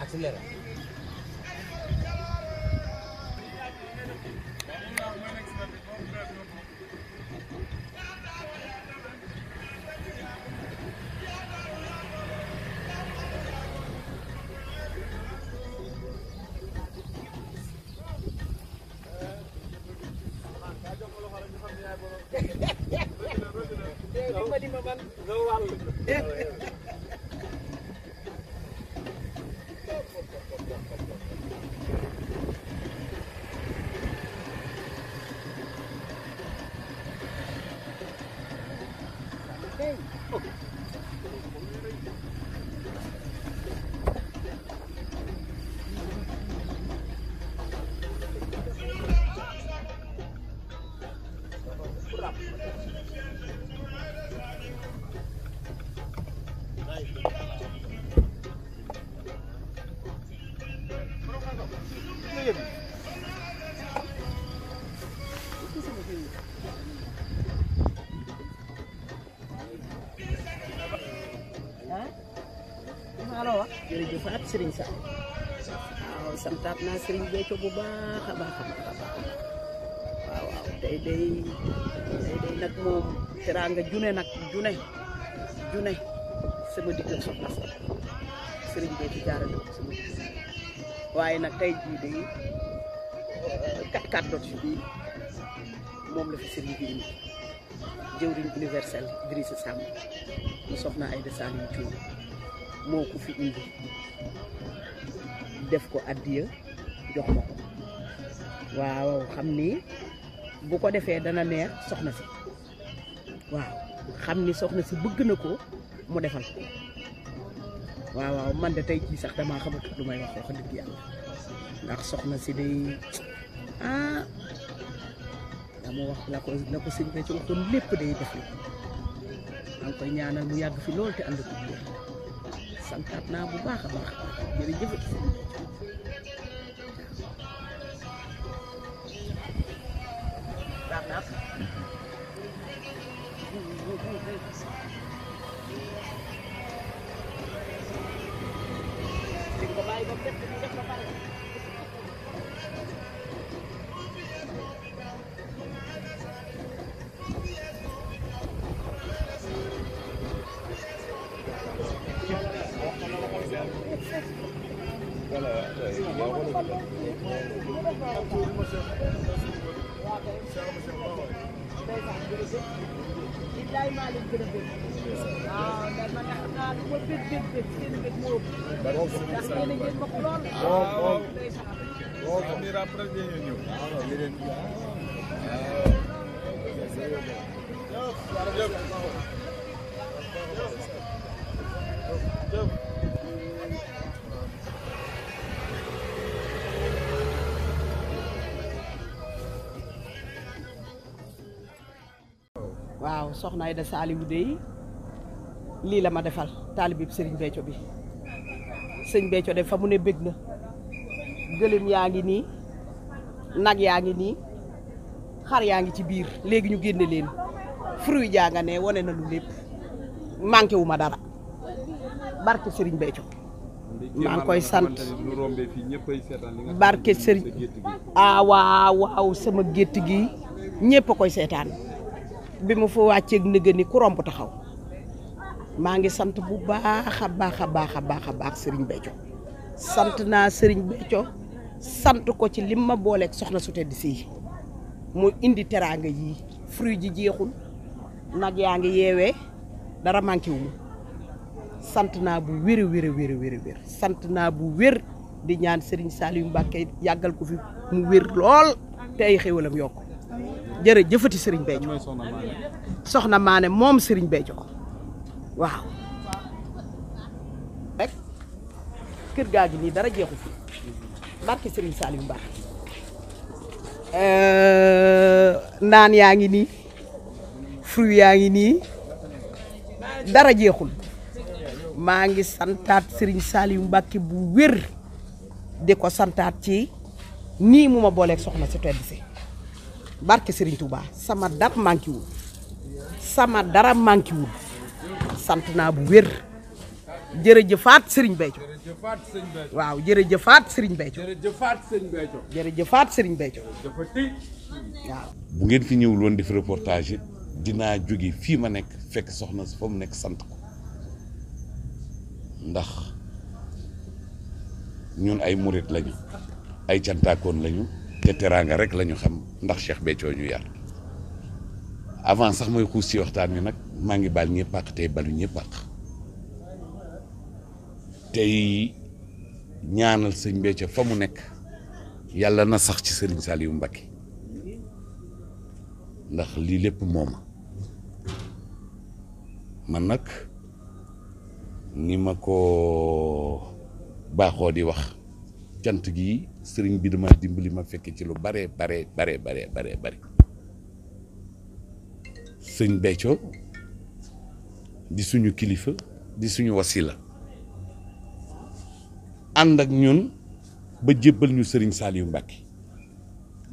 Acelera. एक jërëjëf Fatou Serigne Sall waaw santaat naa Serigne Béthio bu baax a baax a baax waaw waaw tey day tey day nag moom teraanga june nag june june sama digg ak soxna Sow Serigne Béthio jaarale waaye nag tey jii day euh, kat kat dot si bii moom la fi Serigne bi indi jëwriñ universel Idrissa Samb mu soxna Aïda Saliou Thioune moo ko fi indi def ko addiya jox ma ko waaw xam ni bu ko defee dana neex soxna si waaw xam ni soxna si bëgg na ko mu defal ko waaw waaw man de tey jii sax damaa xamatu lu may wax soxna si day ah wax la ko la ko sëñ bi ci waxoon lépp day def li maa koy ñaanal mu yàgg fi lool te ànd ko santaat naa bu baax a baax jërëjëf Thank you. billaay maa leen gën a bëgg waaw ndax man xam naa lu ma bëgg bëgg bëgg seen bëgg moo ëpp ndax yéen a ngeen ma ko lool waaw ndeysaan soxna Aida Saliou dey lii la ma defal taalibib sëriñ Béthio bi sëñ Béthio de fa mu ne bég na gëlëm yaa ngi nii nag yaa ngi nii xar yaa ngi ci biir léegi ñu génne leen fruit jaa nga ne wane na lu lépp manqué wu ma dara barke sëriñ Béthio maa ngi koy sant barke sëriñ ah sama gétt gi ñépp koy seetaan bi mu fa wàcceeg nëgë ni ku romb taxaw maa ngi sant bu baax a baax a baax a baax a baax Serigne Béthio sant naa sëriñ Béthio sant ko ci lim ma booleeg soxna su di sii mu indi teraanga yii fruit ji jeexul nag yaa ngi yeewee dara manqué wu sant naa bu wér wér wér wér sant naa bu wér di ñaan Serigne Saliou Mbacké yàggal ko fi mu wér lool te ay xéwalam yokk jërëjëfati Serigne Béthio soxna Maane moom Serigne Béthio waaw. rek kër gaa gi nii dara jeexu fi barke Serigne Saliou Mbacké euh, naan yaa ngi nii fruit yaa ngi nii dara jeexul maa ngi santaat sëriñ Saliou Mbacké bu wér di ko santaat ci nii mu ma booleeg soxna si tedd si. barke Serigne Touba sama dara manqué wul sama dara manqué wul sant naa bu wér jërëjëfaat Serigne Béthio waaw jërëjëfaat Serigne Béthio jërëjëfaat Serigne Béthio waaw. bu ngeen fi ñëwul woon def reportage it dinaa jóge fii ma nekk fekk soxna si fa mu nekk sant ko ndax ñun ay murit lañu ay cantaakoon lañu. te rek la ñu xam ndax Cheikh Béthio ñu yar avant sax mooy xuus ci waxtaan wi nag maa ngi baal ñëpp àq tey balu ñëpp àq tey ñaanal sëñ Béthio fa mu nekk yàlla na sax ci sëriñ Saliou Mbacké ndax lii lépp mooma man nag ni ma ko baaxoo di wax cant gi sëriñ bi dama dimbali ma fekk ci lu bare bare bare bare bare bare sëñ Béthio di suñu kilifa di suñu wasila ànd ak ñun ba jébbal ñu sëriñ saal yu Mbacké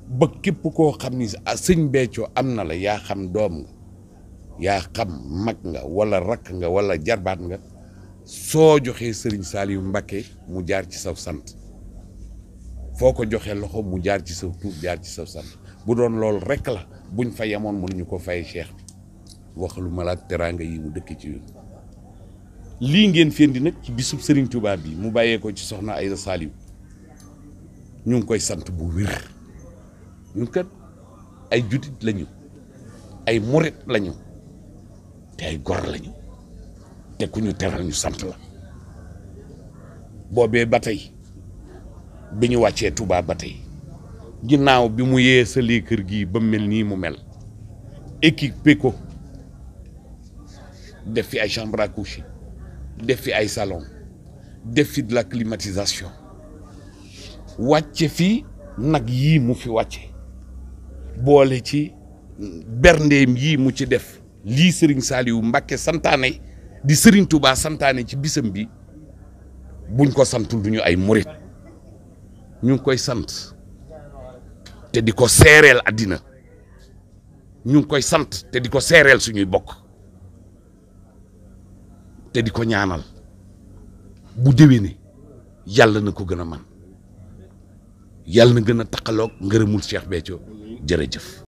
ba képp koo xam ni sëñ Béthio am na la yaa xam doom nga yaa xam mag nga wala rakk nga wala jarbaat nga soo joxee sëriñ yu Mbacké mu jaar ci saw sant foo ko joxee loxo mu jaar ci sa tuur jaar ci sa sant bu doon loolu rekk la buñ fa yemoon mënuñu ko fay cheikh bi waxalu malaat teraanga yi mu dëkk ci yoon lii ngeen fendi nag ci bisu sëriñ tubaab bi mu bàyyee ko ci soxna Aïda Saliou ñu ngi koy sant bu wér ñun kat ay jutit lañu ay murit lañu te ay gor lañu te ku ñu teral ñu sant la boobee ba tey bi ñu wàccee tubaab ba tey ginnaaw bi mu yee sali kër gi ba mel nii mu mel équipé ko def fi ay chambre à coucher def fi ay salon def fi de la climatisation wàcce fi nag yii mu fi wàcce boole ci berndeem yii mu ci def lii Serigne Saliou Mbacké santaane di Serigne tubaa santaane ci bisam bi buñ ko santul duñu ay murit ñu ngi koy sant te di ko seereel àddina ñu ngi koy sant te di ko seereel suñuy bokk te di ko ñaanal bu déwénee yàlla na ko gën a man yàlla na gën a taqaloog ngërëmul Cheikh Béthio jërëjëf